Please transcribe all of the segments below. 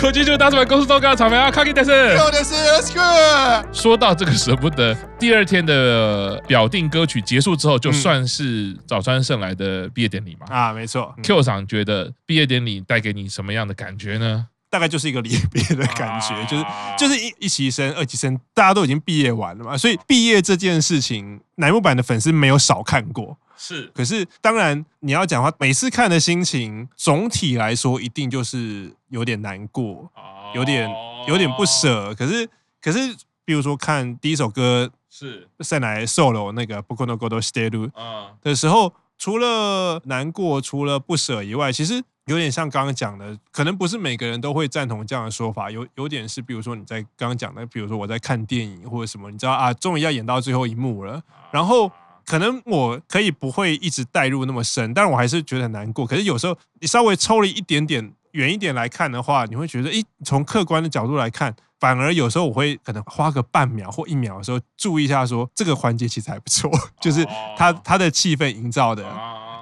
科技就是大資本，公司都搞草莓啊 c o f f e e j a s o 說到這個捨不得，第二天的表定歌曲結束之後，就算是早川聖來的畢業典禮嘛、嗯？啊，沒錯。Q、嗯、桑覺得畢業典禮帶給你什麼樣的感覺呢？大概就是一個離別的感覺，啊、就是就是一一期生、二期生，大家都已經畢業完了嘛，所以畢業這件事情，乃木坂的粉絲沒有少看過。是，可是當然你要講話，每次看的心情總體來說一定就是有點難過，有點有點不舍。哦、可是可是，比如說看第一首歌是聖來 solo 那個僕のこと知ってる的時候，除了難過，除了不舍以外，其實有點像剛剛講的，可能不是每個人都會贊同這樣的說法。有有點是，比如說你在剛剛講的，比如說我在看電影或者什麼，你知道啊，終於要演到最後一幕了，然後。可能我可以不會一直帶入那麼深，但是我還是覺得很難過。可是有時候你稍微抽離一點點遠一點來看的話，你會覺得，誒，從客觀的角度來看，反而有時候我會可能花個半秒或一秒的時候注意一下說，說這個環節其實還不錯，就是他它，它的氣氛營造的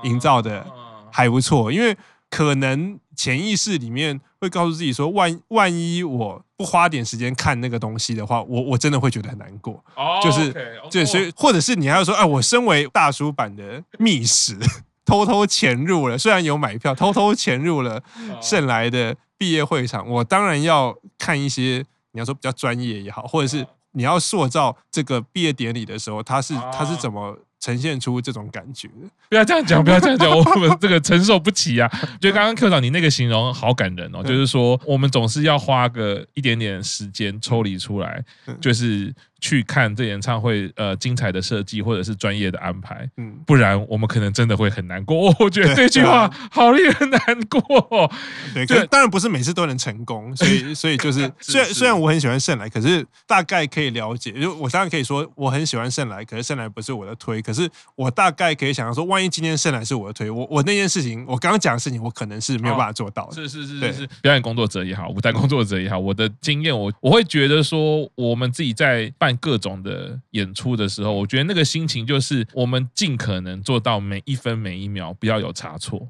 營造的還不錯，因為可能。潛意識裡面會告訴自己說萬，萬萬一我不花點時間看那個東西的話，我我真的會覺得很難過。Oh, 就是 okay .、oh, 對，所以或者是你還要說，哎、呃，我身為大叔坂的密使 偷偷潛入了，雖然有買票，偷偷潛入了聖來的畢業會場，oh. 我當然要看一些你要說比較專業也好，或者是你要塑造這個畢業典禮的時候，他是他、oh. 是怎麼。呈現出這種感覺，不要這樣講，不要這樣講， 我們這個承受不起呀、啊。 就剛剛課長你那個形容好感人哦，就是說我們總是要花個一點點時間抽離出來，就是。去看這演唱會，呃，精彩的設計或者是專業的安排，嗯，不然我們可能真的會很難過。哦、我覺得這對句話吧好令人難過。對，但當然不是每次都能成功，所以，所以就是，雖然 是雖然我很喜歡聖來，可是大概可以了解，就我當然可以說我很喜歡聖來，可是聖來不是我的推，可是我大概可以想到說，萬一今天聖來是我的推，我我那件事情，我剛剛講的事情，我可能是沒有辦法做到的、哦。是是是是是，是對表演工作者也好，舞台工作者也好，嗯、我的經驗，我我會覺得說，我們自己在。看各種的演出的時候，我覺得那個心情就是我們盡可能做到每一分每一秒不要有差錯，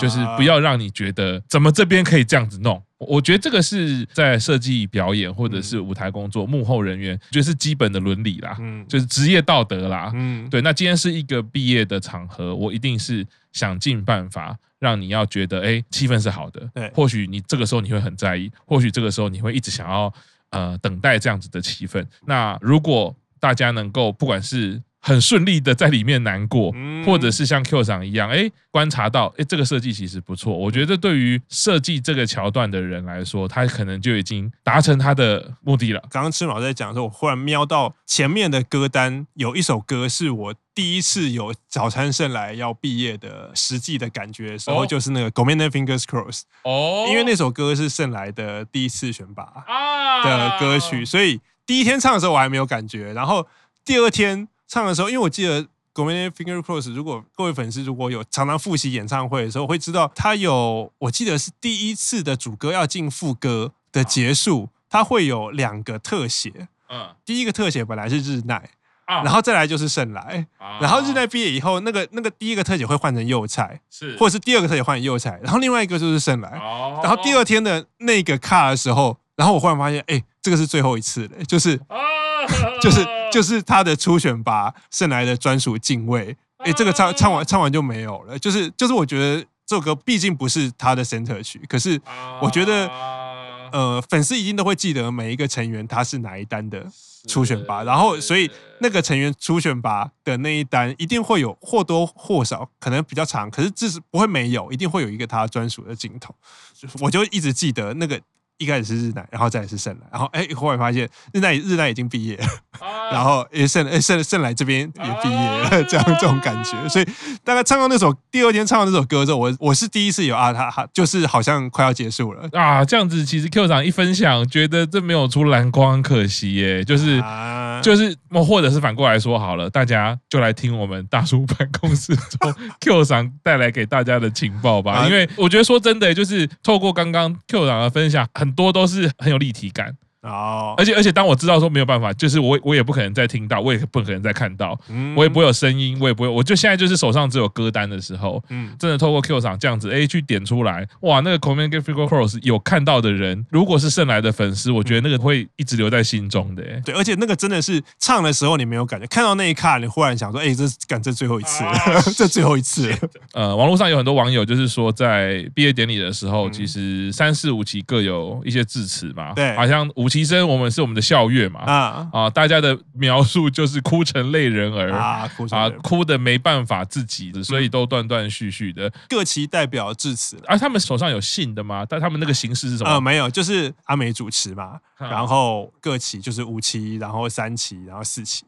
就是不要讓你覺得怎麼這邊可以這樣子弄。我覺得這個是在設計表演或者是舞台工作幕後人員，就是基本的倫理啦，就是職業道德啦，嗯，對。那今天是一個畢業的場合，我一定是想盡辦法讓你要覺得哎，氣氛是好的。對，或許你這個時候你會很在意，或許這個時候你會一直想要。呃，等待這樣子的氣氛。那如果大家能夠，不管是。很順利的在裡面難過，嗯、或者是像 Q 長一樣，哎、欸，觀察到，哎、欸，這個設計其實不錯。我覺得對於設計這個橋段的人來說，他可能就已經達成他的目的了。剛剛吃文在講的時候，我忽然瞄到前面的歌單有一首歌是我第一次有早川聖來要畢業的實際的感覺的時候，然後、哦、就是那個《Gomen ne Fingers crossed》哦，因為那首歌是聖來的第一次選拔的歌曲，啊、所以第一天唱的時候我還沒有感覺，然後第二天。唱的時候，因為我記得《Gomenne Fingers Crossed》，如果各位粉絲如果有常常複習演唱會的時候，我會知道他有，我記得是第一次的主歌要進副歌的結束，啊、他會有兩個特寫。嗯，第一個特寫本來是日奈，啊、然後再來就是聖來，啊、然後日奈畢業以後，那個那個第一個特寫會換成幼菜，是，或者是第二個特寫換幼菜，然後另外一個就是聖來。哦、啊。然後第二天的那個卡的時候，然後我忽然發現，哎、欸，這個是最後一次的，就是，啊、 就是。就是他的初選拔勝來的專屬鏡位，哎、欸，這個唱唱完唱完就沒有了。就是就是，我覺得這首歌畢竟不是他的 center 曲，可是我覺得、uh、呃，粉絲一定都會記得每一個成員他是哪一單的初選拔，是然後所以那個成員初選拔的那一單一定會有或多或少，可能比較長，可是至少不會沒有，一定會有一個他專屬的鏡頭。是我就一直記得那個一開始是日奈，然後再來是勝來，然後哎、欸、後來發現日奈日奈已經畢業了。Uh 然後也剩了，剩、欸、剩、欸、聖來這邊也畢業了，啊、這樣這種感覺。啊、所以大概唱到那首，第二天唱完那首歌之後，我我是第一次有啊他，他就是好像快要結束了啊，這樣子。其實 Q 長一分享，覺得這沒有出藍光，可惜耶。就是、啊、就是，或者是反過來說好了，大家就來聽我們大叔坂工事中 Q 長帶來給大家的情報吧。啊、因為我覺得說真的，就是透過剛剛 Q 長的分享，很多都是很有立體感。哦，而且而且，當我知道說沒有辦法，就是我我也不可能再聽到，我也不可能再看到，嗯、我也不會有聲音，我也不會，我就現在就是手上只有歌單的時候，嗯，真的透過 Q 場這樣子哎去點出來，哇，那個、嗯《Comment Get Figure Cross》有看到的人，如果是聖來的粉絲，我覺得那個會一直留在心中的、欸。對，而且那個真的是唱的時候你沒有感覺，看到那一刻你忽然想說，哎，這是，趕這最後一次，這最後一次。呃、啊嗯，網絡上有很多網友就是說，在畢業典禮的時候，嗯、其實三四五期各有一些致辭嘛，對，好像五期。提升我們是我們的校樂嘛啊啊！大家的描述就是哭成淚人兒啊，哭的、啊、沒辦法自己，所以都斷斷續續的。各期代表致辭，哎、啊，他們手上有信的嗎？但他，他們那個形式是什麼？呃，沒有，就是阿美主持嘛，然後各期就是五期，然後三期，然後四期。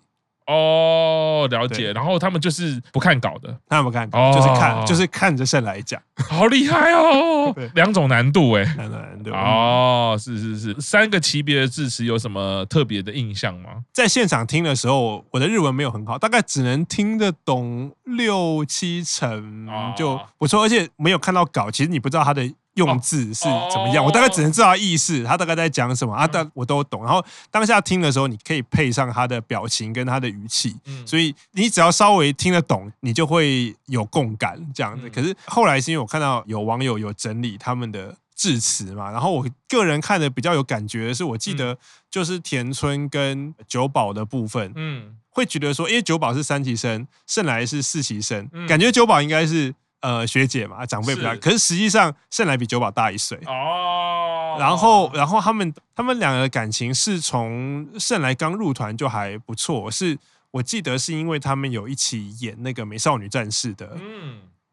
哦，了解。對然後他們就是不看稿的，他們不看稿，哦、就是看，就是看着聖來講。好厲害哦， 對兩種難度哎、欸。兩種難度哦，是是是，三個級別的字詞有什麼特別的印象嗎？在現場聽的時候，我的日文沒有很好，大概只能聽得懂六七成，就不錯。哦、而且沒有看到稿，其實你不知道他的。用字是怎麼樣？我大概只能知道意思，他大概在講什麼啊？但我都懂。然後當下聽的時候，你可以配上他的表情跟他的語氣，所以你只要稍微聽得懂，你就會有共感這樣子。可是後來是因為我看到有網友有整理他們的致辭嘛，然後我個人看的比較有感覺的是，我記得就是田村跟久保的部分，嗯，會覺得說，因為久保是三期生，聖來是四期生，感覺久保應該是。呃，學姐嘛，長輩不大。可是實際上，聖來比久保大一歲。哦。然後，然後他們他們兩個的感情是從聖來剛入團就還不錯，是我記得是因為他們有一起演那個《美少女戰士》的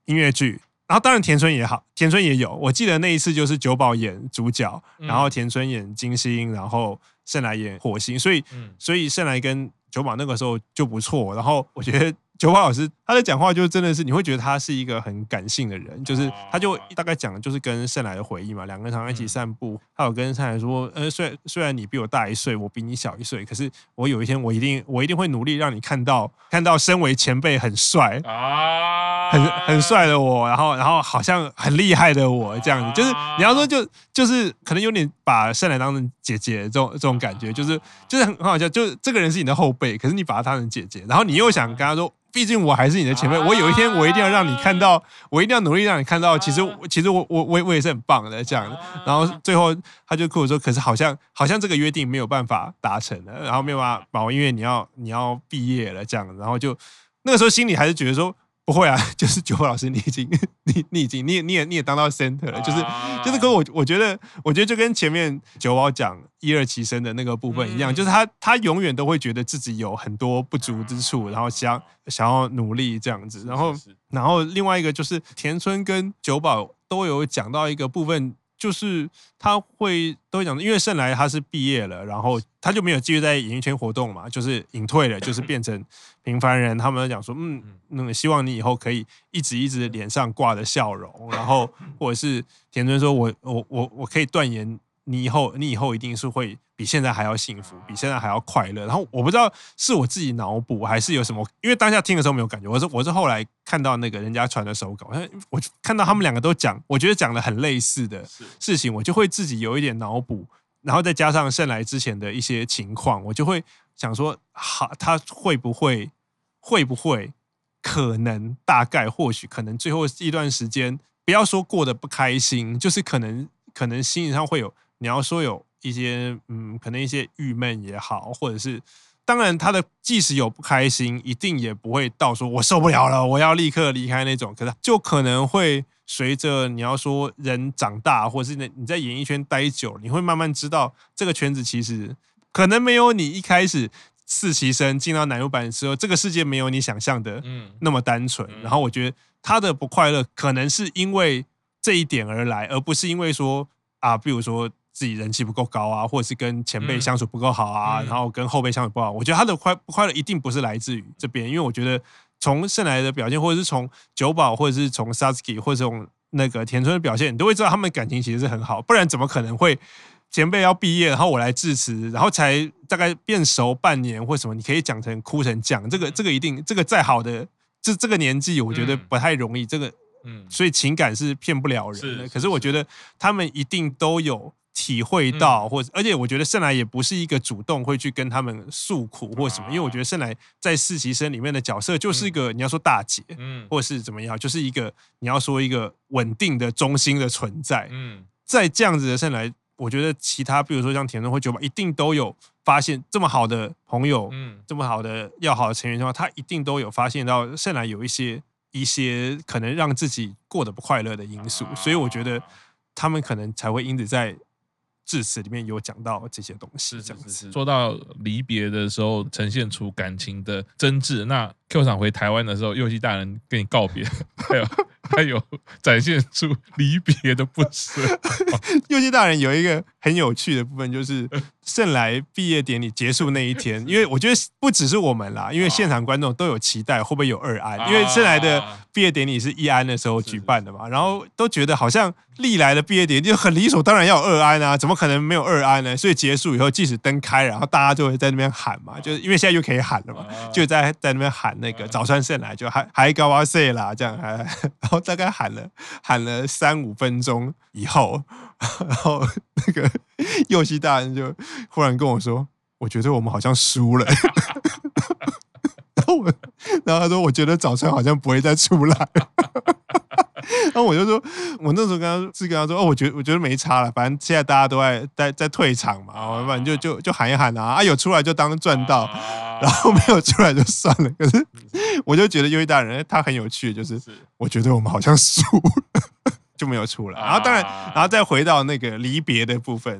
音樂劇。然後，當然田村也好，田村也有。我記得那一次就是久保演主角，然後田村演金星，然後聖來演火星。所以，所以聖來跟久保那個時候就不錯。然後，我覺得。劉華老師，他的講話就真的是，你會覺得他是一個很感性的人，就是他就大概講，就是跟聖來的回憶嘛，兩個人常常一起散步，嗯、他有跟聖來說，呃，雖然雖然你比我大一歲，我比你小一歲，可是我有一天，我一定我一定會努力讓你看到，看到身為前輩很帥啊。很很帥的我，然後然後好像很厲害的我這樣子，就是你要說，就就是可能有點把聖來當成姐姐這種這種感覺，就是就是很好笑，就是這個人是你的後輩，可是你把他當成姐姐，然後你又想跟他說，畢竟我還是你的前輩，我有一天我一定要讓你看到，我一定要努力讓你看到，其實其實我我我我也是很棒的這樣，然後最後他就跟我說，可是好像好像這個約定沒有辦法達成了，然後沒有辦法，因為你要你要畢業了這樣，然後就那個時候心裡還是覺得說。不會啊，就是久保老師你你，你已經，你你已經，你你也你也當到 center 了，就是哇就是，是，跟我我覺得，我覺得就跟前面久保講一二期生的那個部分一樣，嗯、就是他他永遠都會覺得自己有很多不足之處，啊、然後想、啊、想要努力這樣子，然後是是是然後另外一個就是田村跟久保都有講到一個部分。就是他會都會講，因為聖來他是畢業了，然後他就沒有繼續在演藝圈活動嘛，就是隱退了，就是變成平凡人。他們講說，嗯，嗯、那個希望你以後可以一直一直臉上掛着笑容，然後或者是田村說我，我我我我可以斷言。你以後，你以後一定是會比現在還要幸福，比現在還要快樂。然後我不知道是我自己腦補，還是有什麼，因為當下聽的時候沒有感覺。我是我是後來看到那個人家傳的手稿，我就看到他們兩個都講，我覺得講的很類似的事情，是我就會自己有一點腦補，然後再加上聖來之前的一些情況，我就會想說，好，他會不會，會不會，可能大概或許可能最後一段時間，不要說過得不開心，就是可能可能心理上會有。你要說有一些，嗯，可能一些鬱悶也好，或者是，當然，他的即使有不開心，一定也不會到說“我受不了了，我要立刻離開”那種。可是，就可能會隨着你要說人長大，或者是你在演藝圈待久，你會慢慢知道這個圈子其實可能沒有你一開始四期生進到乃木坂的時候，這個世界沒有你想象的嗯那麼單純。嗯、然後，我覺得他的不快樂可能是因為這一點而來，而不是因為說啊，比如說。自己人氣不夠高啊，或者是跟前輩相處不夠好啊，嗯、然後跟後輩相處不好，嗯、我覺得他的快快樂一定不是來自於這邊，因為我覺得從聖來的表現，或者是從久保，或者是從 Sasaki 或者從那個田村的表現，你都會知道他們感情其實是很好，不然怎麼可能會前輩要畢業，然後我來致辭，然後才大概變熟半年或什麼？你可以講成哭成醬，這個這個一定，這個再好的這這個年紀，我覺得不太容易。嗯、這個嗯，所以情感是騙不了人的。是是是，可是我覺得他們一定都有。體會到，或者而且我覺得聖來也不是一個主動會去跟他們訴苦或什麼，因為我覺得聖來在四期生裡面的角色就是一個你要說大姐，嗯，或者是怎麼樣，就是一個你要說一個穩定的中心的存在，嗯，在這樣子的聖來，我覺得其他比如說像田村或矢久保一定都有發現這麼好的朋友，嗯，這麼好的要好的成員的話，他一定都有發現到聖來有一些一些可能讓自己過得不快樂的因素，所以我覺得他們可能才會因此在。致辭裡面有講到這些東西，是這樣子。做到離別的時候，呈現出感情的真摯。那 Q 場回台灣的時候，右翼大人跟你告別，還有 還有展現出離別的不捨。右翼 大人有一個。很有趣的部分就是聖來畢業典禮結束那一天，因為我覺得不只是我們啦，因為現場觀眾都有期待會不會有二安，因為聖來的畢業典禮是一安的時候舉辦的嘛，然後都覺得好像歷來的畢業典禮就很理所當然要有二安啊，怎麼可能沒有二安呢？所以結束以後，即使燈開，然後大家就會在那邊喊嘛，就是因為現在就可以喊了嘛，就在在那邊喊那個“早川聖來”，就還還高 i s a y 啦，這樣還，然後大概喊了喊了三五分鐘以後，然後。 那個右西大人就忽然跟我說：“我覺得我們好像輸了。” 然後我，然後他說：“我覺得早川好像不會再出來了。”然後我就說：“我那時候跟他是跟他說，哦，我覺得我覺得沒差了，反正現在大家都在在在退場嘛，啊，反正就就就喊一喊啊，啊，有出來就當賺到，然後沒有出來就算了。可是，我就覺得右戲大人他很有趣，就是我覺得我們好像輸了。”就沒有出來，然後當然，uh, 然後再回到那個離別的部分。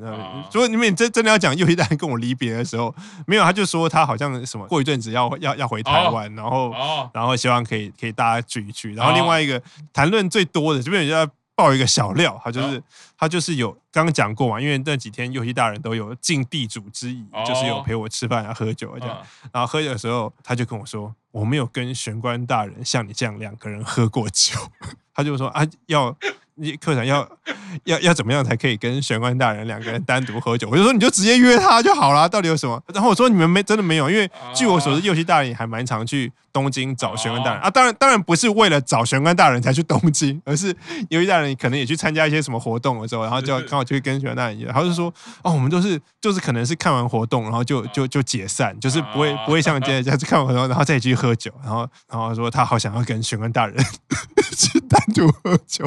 如果、uh, 你們真的你真的要講幼師大人跟我離別的時候，uh, 沒有，他就說他好像什麼過一陣子要要要回台灣，uh, uh, 然後然後希望可以可以大家聚一聚。然後另外一個 uh, uh, 談論最多的這邊有人要爆一個小料，他就是、uh, 他就是有剛剛講過嘛、啊，因為那幾天幼師大人都有盡地主之誼，uh, uh, 就是有陪我吃飯啊、喝酒啊這樣。Uh, uh, 然後喝酒的時候，他就跟我說，我沒有跟玄關大人像你這樣兩個人喝過酒，uh, uh, 他就說啊要。你課長要要要怎麼樣才可以跟玄關大人兩個人單獨喝酒？我就說你就直接約他就好了。到底有什麼？然後我說你們沒真的沒有，因為據我所知，右、啊、西大人也還蠻常去東京找玄關大人啊。當然當然不是為了找玄關大人才去東京，而是右西大人可能也去參加一些什麼活動的時候，然後就剛好去跟玄關大人一樣。他就說哦，我們都、就是就是可能是看完活動，然後就就就解散，就是不會不會像今天這樣子看完活動然後再繼續喝酒。然後然後說他好想要跟玄關大人去單獨喝酒。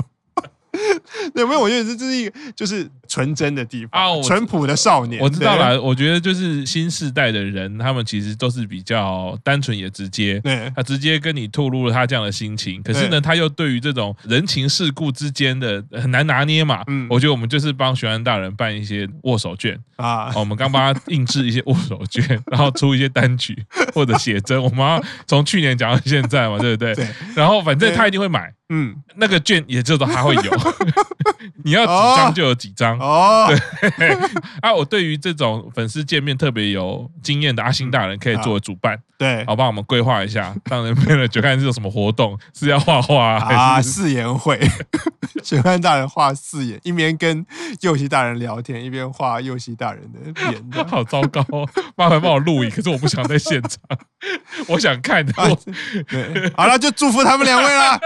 對，沒有？我覺得這是一個就是純真的地方，淳、啊、樸的少年。我知道了，我覺得就是新世代的人，他們其實都是比較單純也直接。對，他直接跟你吐露了他這樣的心情。可是呢，對他又對於這種人情世故之間的很難拿捏嘛。嗯，我覺得我們就是幫學安大人辦一些握手券啊。我們剛幫他印製一些握手券， 然後出一些單曲或者寫真。我們要從去年講到現在嘛，對不對？對。然後反正他一定會買。嗯，那個券，也就是還會有， 你要幾張就有幾張哦。對，啊，我對於這種粉絲見面特別有經驗的阿星大人可以做為主辦，啊、對，好，幫我們規劃一下，當然看了就看是有什麼活動，是要畫畫啊，啊四眼會，玄幻大人畫四眼，一邊跟佑熙大人聊天，一邊畫佑熙大人的臉，好糟糕、喔，麻煩幫我錄影，可是我不想在現場， 我想看。他、啊、我 好了，就祝福他們兩位了。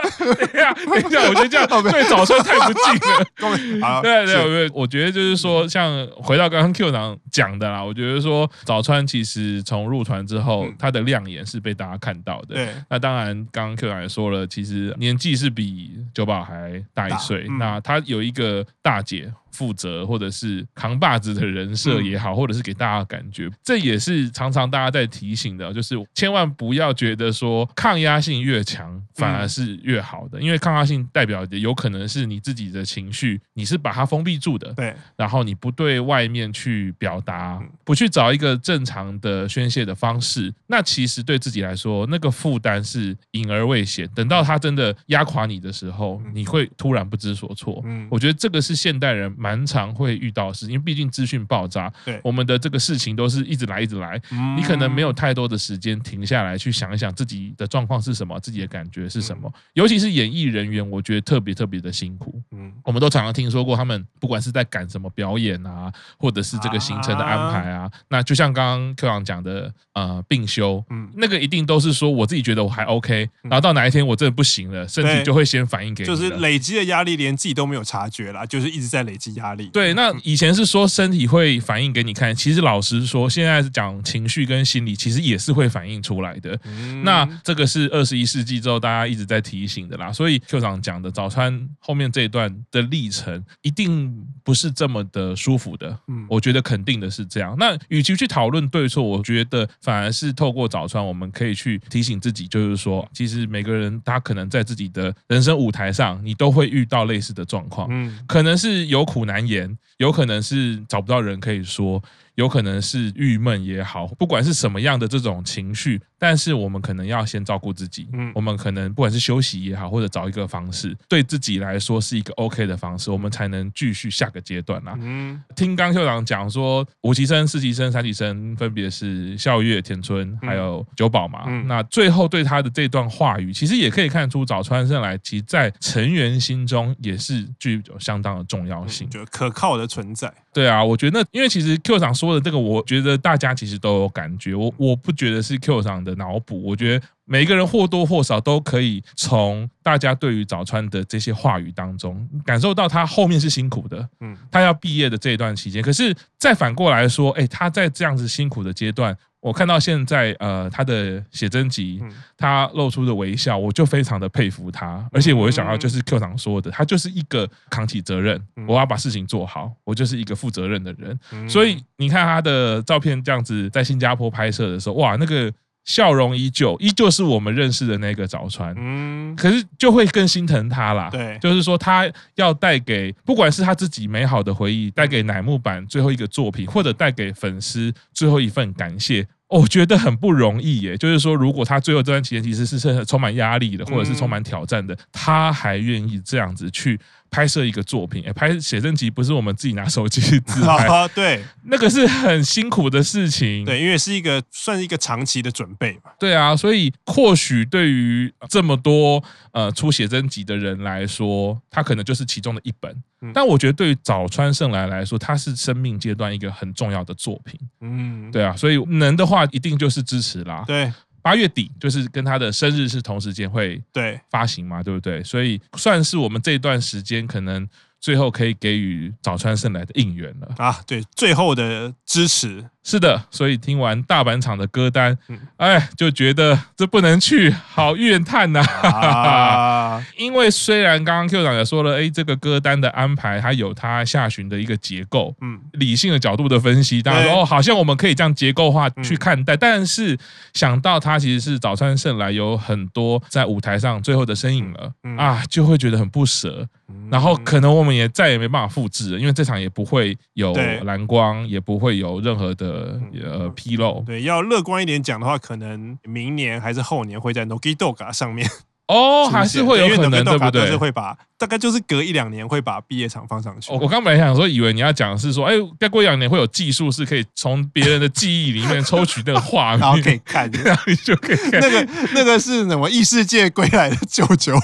哎呀， 等一下，我覺得這樣老別 對早川太不敬了。對對對，我覺得就是說，像回到剛剛 Q 長講的啦，我覺得說早川其實從入團之後，嗯、他的亮眼是被大家看到的。對、嗯，那當然，剛剛 Q 長也說了，其實年紀是比久保還大一歲，嗯、那他有一個大姐，負責或者是扛把子的人設也好，或者是給大家感覺，這也是常常大家在提醒的，就是千萬不要覺得說抗壓性越強反而是越好的，因為抗壓性代表有可能是你自己的情緒你是把它封閉住的，對，然後你不對外面去表達，不去找一個正常的宣泄的方式，那其實對自己來說那個負擔是隱而未顯，等到他真的壓垮你的時候，你會突然不知所措。嗯，我覺得這個是現代人。蠻常會遇到的事情，因為畢竟資訊爆炸，對我們的這個事情都是一直來一直來，嗯、你可能沒有太多的時間停下來去想一想自己的狀況是什麼，自己的感覺是什麼。嗯、尤其是演藝人員，我覺得特別特別的辛苦。嗯，我們都常常聽說過，他們不管是在趕什麼表演啊，或者是這個行程的安排啊，啊那就像剛剛科長講的，呃，病休，嗯，那個一定都是說我自己覺得我還 OK，嗯、然後到哪一天我真的不行了，甚至對就會先反應給你，就是累積的壓力，連自己都沒有察覺啦，就是一直在累積。壓力。對，那以前是說身體會反映給你看，其實老實說，現在是講情緒跟心理，其實也是會反映出來的。嗯，那這個是二十一世紀之後大家一直在提醒的啦。所以 Q 長講的早川後面這一段的歷程，一定不是這麼的舒服的。嗯，我覺得肯定的是這樣。那與其去討論對錯，我覺得反而是透過早川，我們可以去提醒自己，就是說，其實每個人他可能在自己的人生舞台上，你都會遇到類似的狀況。嗯，可能是有苦難言，有可能是找不到人可以說。有可能是鬱悶也好，不管是什麼樣的這種情緒，但是我們可能要先照顧自己。嗯，我們可能不管是休息也好，或者找一個方式，對自己來說是一個 OK 的方式，我們才能繼續下個階段啦。嗯，聽剛校長講說，五級生、四級生、三級生分別是笑月、田村還有久保嘛。嗯，嗯，那最後對他的這段話語，其實也可以看出早川聖來，其實在成員心中也是具有相當的重要性。嗯，覺得可靠的存在。對啊，我覺得因為其實 Q 長說的這個，我覺得大家其實都有感覺。我我不覺得是 Q 上的腦補，我覺得每一個人或多或少都可以從大家對於早川的這些話語當中，感受到他後面是辛苦的。嗯，他要畢業的這一段期間，可是再反過來說，哎，他在這樣子辛苦的階段。我看到現在，呃，他的寫真集，嗯、他露出的微笑，我就非常的佩服他。而且，我會想到就是 Q 堂說的，他就是一個扛起責任，嗯、我要把事情做好，我就是一個負責任的人。嗯、所以，你看他的照片這樣子，在新加坡拍攝的時候，哇，那個。笑容依舊，依舊是我們認識的那個早川。嗯，可是就會更心疼他啦。對，就是說他要帶給，不管是他自己美好的回憶，帶給乃木坂最後一個作品，或者帶給粉絲最後一份感謝，哦，我覺得很不容易耶。就是說，如果他最後這段期間其實是是充滿壓力的，或者是充滿挑戰的，嗯，他還願意這樣子去。拍攝一個作品，欸、拍寫真集不是我們自己拿手機自拍，oh, 對，那個是很辛苦的事情，對，因為是一個算一個長期的準備嘛，對啊，所以或許對於這麼多呃出寫真集的人來說，他可能就是其中的一本，嗯、但我覺得對於早川聖來來說，他是生命階段一個很重要的作品，嗯，對啊，所以能的話，一定就是支持啦，對。八月底，就是跟他的生日是同時間會發行嘛，對，對不對？所以算是我們這段時間可能。最後可以給予早川聖來的應援了啊！對，最後的支持是的。所以聽完大阪場的歌單，哎、嗯，就覺得這不能去，好怨嘆吶、啊！啊、因為雖然剛剛 Q 長也說了，哎、欸，這個歌單的安排它有它下巡的一個結構，嗯，理性的角度的分析，當然，嗯、哦，好像我們可以這樣結構化去看待。嗯、但是想到它其實是早川聖來有很多在舞台上最後的身影了、嗯嗯、啊，就會覺得很不捨。然後可能我們也再也沒辦法複製了，因為這場也不會有藍光，對也不會有任何的、嗯、呃紕漏。對，要樂觀一點講的話，可能明年還是後年會在 Nokidoga 上面哦，還是會有可能對，對不對？就是會把大概就是隔一兩年會把畢業場放上去。我剛本來想說，以為你要講的是說，哎，再過一兩年會有技術是可以從別人的記憶裡面抽取那個畫面然後 可以看，然後就可以看 那個那個是什麼異世界歸來的舅舅。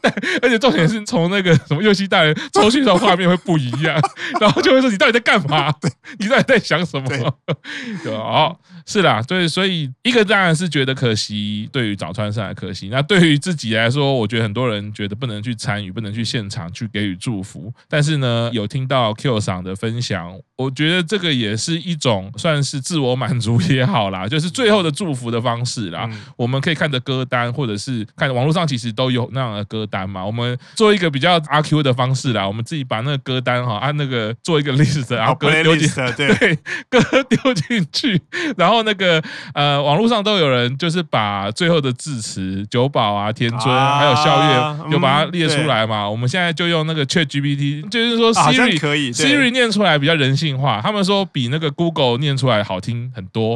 對，而且重點是從那個什麼右戲帶來抽去的畫面會不一樣，然後就會說你到底在幹嘛？你到底在想什麼對？ 對吧？哦，是啦，對，所以一個當然是覺得可惜，對於早川聖來也可惜。那對於自己來說，我覺得很多人覺得不能去參與，不能去現場去給予祝福。但是呢，有聽到 Q 賞的分享，我覺得這個也是一種算是自我滿足也好啦，就是最後的祝福的方式啦。嗯、我們可以看着歌單，或者是看網絡上其實都有那樣的。歌單嘛，我們做一個比較阿 Q 的方式啦，我們自己把那個歌單哈、哦、按、啊、那個做一個 list，、oh, 然後歌丟進去，list, 對,對，歌丟進去，然後那個呃，網絡上都有人就是把最後的字詞久保啊、田村、啊、還有校月，就、嗯、把它列出來嘛。對我們現在就用那個 Chat GPT，就是說 s 3, S、啊、 Siri s i r i 念出來比較人性化，他們說比那個 Google 念出來好聽很多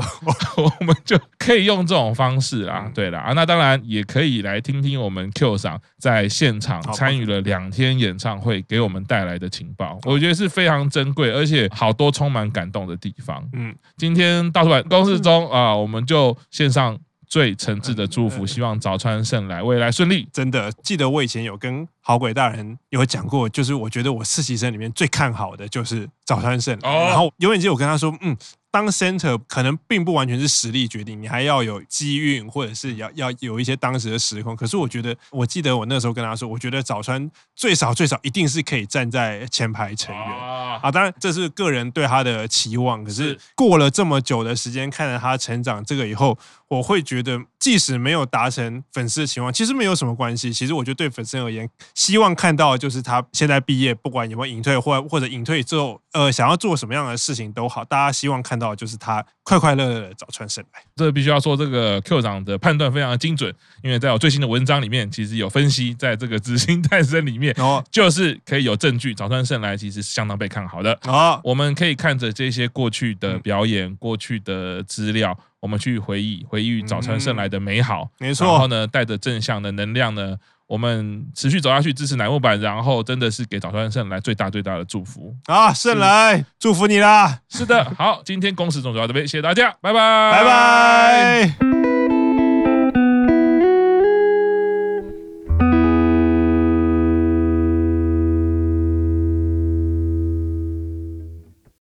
，oh. 我們就可以用這種方式啊。對了、嗯、啊，那當然也可以來聽聽我們 Q 上。在現場參與了兩天演唱會，給我們帶來的情報，我覺得是非常珍貴，而且好多充滿感動的地方。嗯，今天大叔坂工事中啊，我們就獻上最誠摯的祝福，希望早川聖來未來順利。真的，記得我以前有跟。好鬼大人有講過，就是我覺得我實習生裡面最看好的就是早川聖來，然後有演技。我跟他說，嗯，當 center 可能並不完全是實力決定，你還要有機運，或者是要要有一些當時的時空。可是我覺得，我記得我那時候跟他說，我覺得早川最少最少一定是可以站在前排成員啊。當然這是個人對他的期望，可是過了這麼久的時間，看着他成長這個以後，我會覺得即使沒有達成粉絲的期望，其實沒有什麼關係。其實我覺得對粉絲而言。希望看到的就是他現在畢業，不管有沒有隱退或，或或者隱退之後，呃，想要做什麼樣的事情都好。大家希望看到的就是他快快樂樂的早川聖來。這必須要說，這個 Q 長的判斷非常精準，因為在我最新的文章裡面，其實有分析，在這個執行誕生裡面，哦、就是可以有證據，早川聖來其實是相當被看好的。哦、我們可以看着這些過去的表演、嗯、過去的資料，我們去回憶回憶早川聖來的美好。嗯、沒錯。然後呢，帶着正向的能量呢，我們持續走下去，支持乃木坂，然後真的是給早川聖來最大最大的祝福啊！聖來，是祝福你啦！是的，好，今天工事中就到這邊，謝謝大家，拜拜，拜拜。拜拜。